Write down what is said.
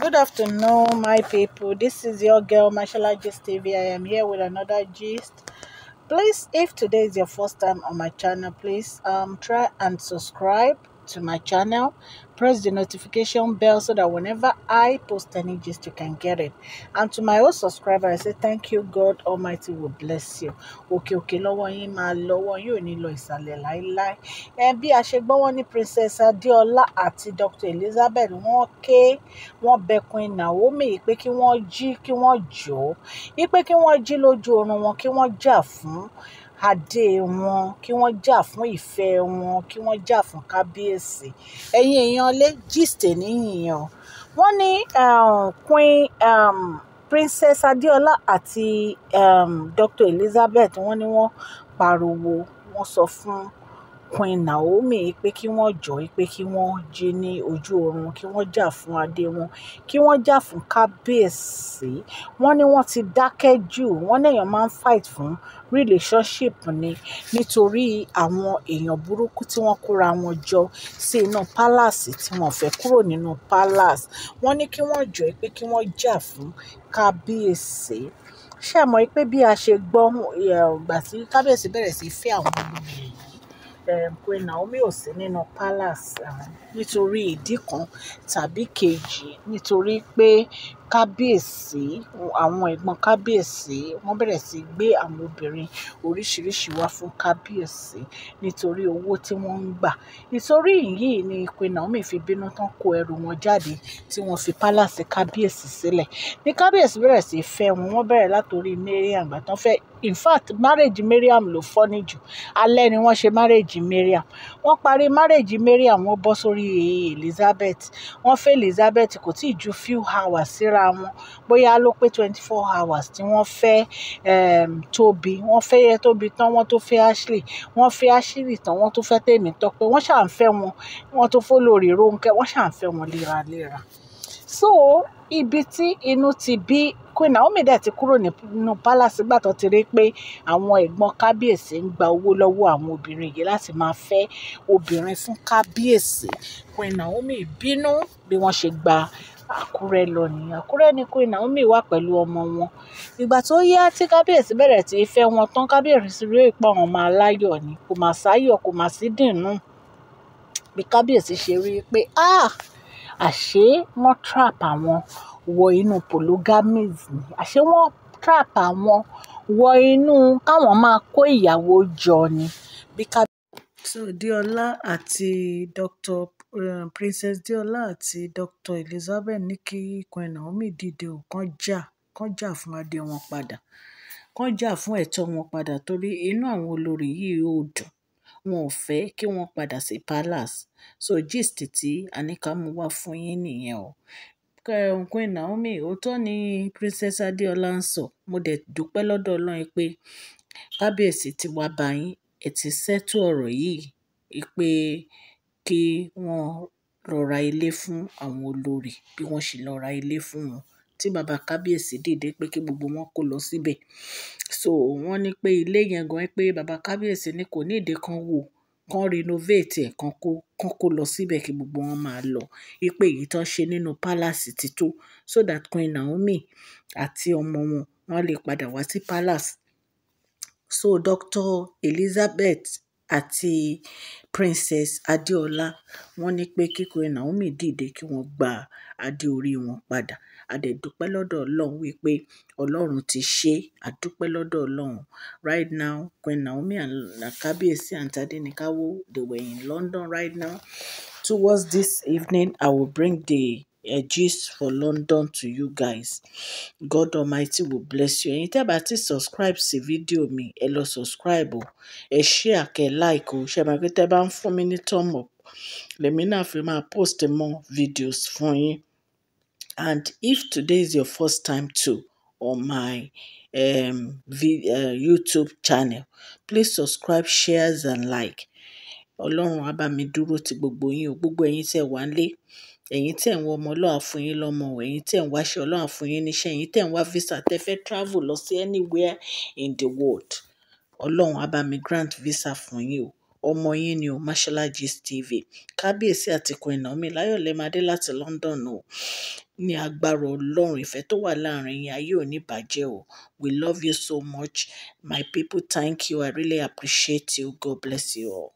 good afternoon my people this is your girl mashallah gist tv i am here with another gist please if today is your first time on my channel please um try and subscribe to my channel press the notification bell so that whenever i post any gist you can get it and to my old subscriber i say thank you god almighty will bless you okay okay lọ́wọ́ yín máa lọ́wọ́ yóò ní lọ ìsàlẹ̀ láéláé ẹ bí a ṣe gbọ́ wọn princess adiola àti dr elizabeth Okay, ké wọ́n bẹ Queen Naomi pé kí wọ́n jí kí wọ́n jọ́ pé kí wọ́n jí lójú oorun wọn kí wọ́n jà adé wọn kí wọ́n jà fún ìfẹ́ wọn kí wọ́n jà fún kábíyèsí ẹ̀yin èèyàn lé gist nìyẹn o wọ́n ní um, queen um, princess adéọlá àti um, dr elizabeth wọ́n ní wọ́n pariwo wọ́n sọ fún Queen Naomi pé kí wọ́n jọ pé kí wọ́n jí ní ojú oorun kí wọ́n jà fún adé wọn kí wọ́n jà fún kábíyèsí wọ́n ní wọ́n ti dákẹ́ jù wọ́n lèèyàn máa ń fight fún relationship ni nítorí àwọn èèyàn burúkú tí wọ́n kóra wọn jọ sí inú palace tí wọ́n fẹ́ kúrò nínú palace wọ́n ní kí wọ́n jọ pé kí wọ́n jà fún kábíyèsí ṣé ẹ mọ̀ pé bí a ṣe gbọ́ ìgbà tí kábíyèsí bẹ̀rẹ̀ sí fẹ́ àwọn obìnrin Queen um, Naomi ò sí nínú palace um, nítorí ìdí kan tàbí kejì nítorí pé kábíyèsí àwọn ẹ̀gbọ́n kábíyèsí wọ́n bẹ̀rẹ̀ sí gbé àwọn obìnrin oríṣiríṣi wá fún kábíyèsí nítorí owó tí wọ́n ń gbà ìtorí yìí ni Queen Naomi fi bínú tán kó ẹrù wọn jáde tí wọ́n fi pálàsì kábíyèsí sílẹ̀ ní kábíyèsí bẹ̀rẹ̀ sí fẹ́ wọn wọ́n bẹ̀rẹ̀ látòrí Mariam gbà tán fẹ́ in fact marriage Mariam ló fọ́ni jù alẹ́ ni wọ́n ṣe marriage Mariam wọ́n parí marriage Mariam wọ́n bọ́ sórí Elizabeth wọ́n fẹ́ Elizabeth kò tí ì ju few hours síra lára wọn bóyá ló pé twenty four hours tí wọ́n fẹ́ ehm, tóbi wọ́n fẹ́ yẹ tóbi tán wọ́n tó fẹ́ Ashley wọ́n fẹ́ Ashley tán wọ́n tó fẹ́ tèmi tọ́pẹ́ wọ́n ṣà fẹ́ wọn wọ́n tó fọ́ lórí Rónkẹ́ wọ́n ṣà fẹ́ wọn léraléra so ibi tí inú ti bí Queen Naomi dẹ̀ ti kúrò nínú palace gbà tó ti rí pé àwọn ẹ̀gbọ́n kábíyèsí ń gba owó lọ́wọ́ àwọn obìnrin yìí láti máa fẹ́ obìnrin fún kábíyèsí Queen Naomi bínú bí wọ́n ṣe gba Àkúrẹ́ lọ nìyẹn. Àkúrẹ́ ni Queen Naomi wà pẹ̀lú ọmọ wọn. Ìgbà tó yá tí Kábíyèsí bẹ̀rẹ̀ tí í fẹ́ wọn tán, Kábíyèsí rí pé àwọn máa láyọ̀ ni. Kò má ṣáyọ̀, kò má sì dìnnú. Bí Kábíyèsí ṣe rí pé, "Ah! Àṣé wọ́n trap àwọn wọ inú polygamys ni. Àṣé wọ́n trap àwọn wọ inú káwọn máa kó ìyàwó jọ ni." Bí Kábíyèsí so diola àti dr eh, princess diola àti dr elizabeth ní kí queen naomi dìde o kàn jà kàn jà fún adé wọn padà kàn jà fún ẹ̀tọ́ wọn padà torí inú àwọn olórí yìí ò dùn wọn ò fẹ́ kí wọ́n padà sí palace so gist tí anikamu wá fún yín nìyẹn o queen naomi òótọ́ ni princess adéọlá ń sọ mo dẹ̀ dúpẹ́ lọ́dọ̀ ọlọ́run pé kábíyèsí ti wá bá yín ẹ ti ṣètò ọ̀rọ̀ yìí pé kí wọ́n lọ ra ilé fún àwọn olórí bí wọ́n ṣe lọ ra ilé fún wọn tí bàbá kábíyèsí dìde pé kí gbogbo wọn kó lọ síbẹ̀ so wọ́n ní pé ilé yẹn gan pé baba kábíyèsí ni kò ní ìdí kan wò kán renovate ẹ̀ kán kó kán kó lọ síbẹ̀ kí gbogbo wọn máa lọ ipe èyí tán ṣe nínú palace ti tó so that Queen Naomi àti ọmọ wọn wọn lè padà wá sí palace So Dr. Elizabeth àti Princess Adeola wọ́n ní pé kí Queen Naomi dìde kí wọ́n gba adé orí wọn padà àdẹ̀dúpẹ́ lọ́dọ̀ ọlọ́run wípé ọlọ́run ti ṣe àdúpẹ́ lọ́dọ̀ ọlọ́run right now Queen Naomi and kábíyèsí Aunt Adenikawo they were in London right now towards this evening I will bring the a eh, gist for London to you guys. God Almighty will bless you. Ẹ̀yin tẹ́ bá ti subscribe sí fídíò mi, ẹ lọ subscribe o, ẹ share kẹ́ like o, ṣe máa pé tẹ́ bá ń fún mi ní thumb up, lèmi náà fi máa post more videos fún yín. And if today is your first time too on my um, vi uh, YouTube channel, please subscribe, shares and like. Ọlọ́run á bá mi dúró ti gbogbo yín o, gbogbo ẹ̀yin tẹ́ wà lé ẹ̀yin tí ẹ̀ ń wọ ọmọ Ọlọ́run á fún yín lọ́mọ o ẹ̀yin tí ẹ̀ ń wáṣẹ́ Ọlọ́run á fún yín níṣẹ́ ẹ̀yin tí ń wá visa tẹ́ fẹ́ travel lọ sí anywhere in the world Ọlọ́run á grant visa fún yín o ọmọ yín ni o Mashola Gist TV kábíyèsí àti Queen Naomi láyọ̀lẹ́ máa dé láti London o ní agbára Ọlọ́run ìfẹ́ tó wà láàrin yín ayé ò bàjẹ́ o we love you so much my people thank you I really appreciate you God bless you all.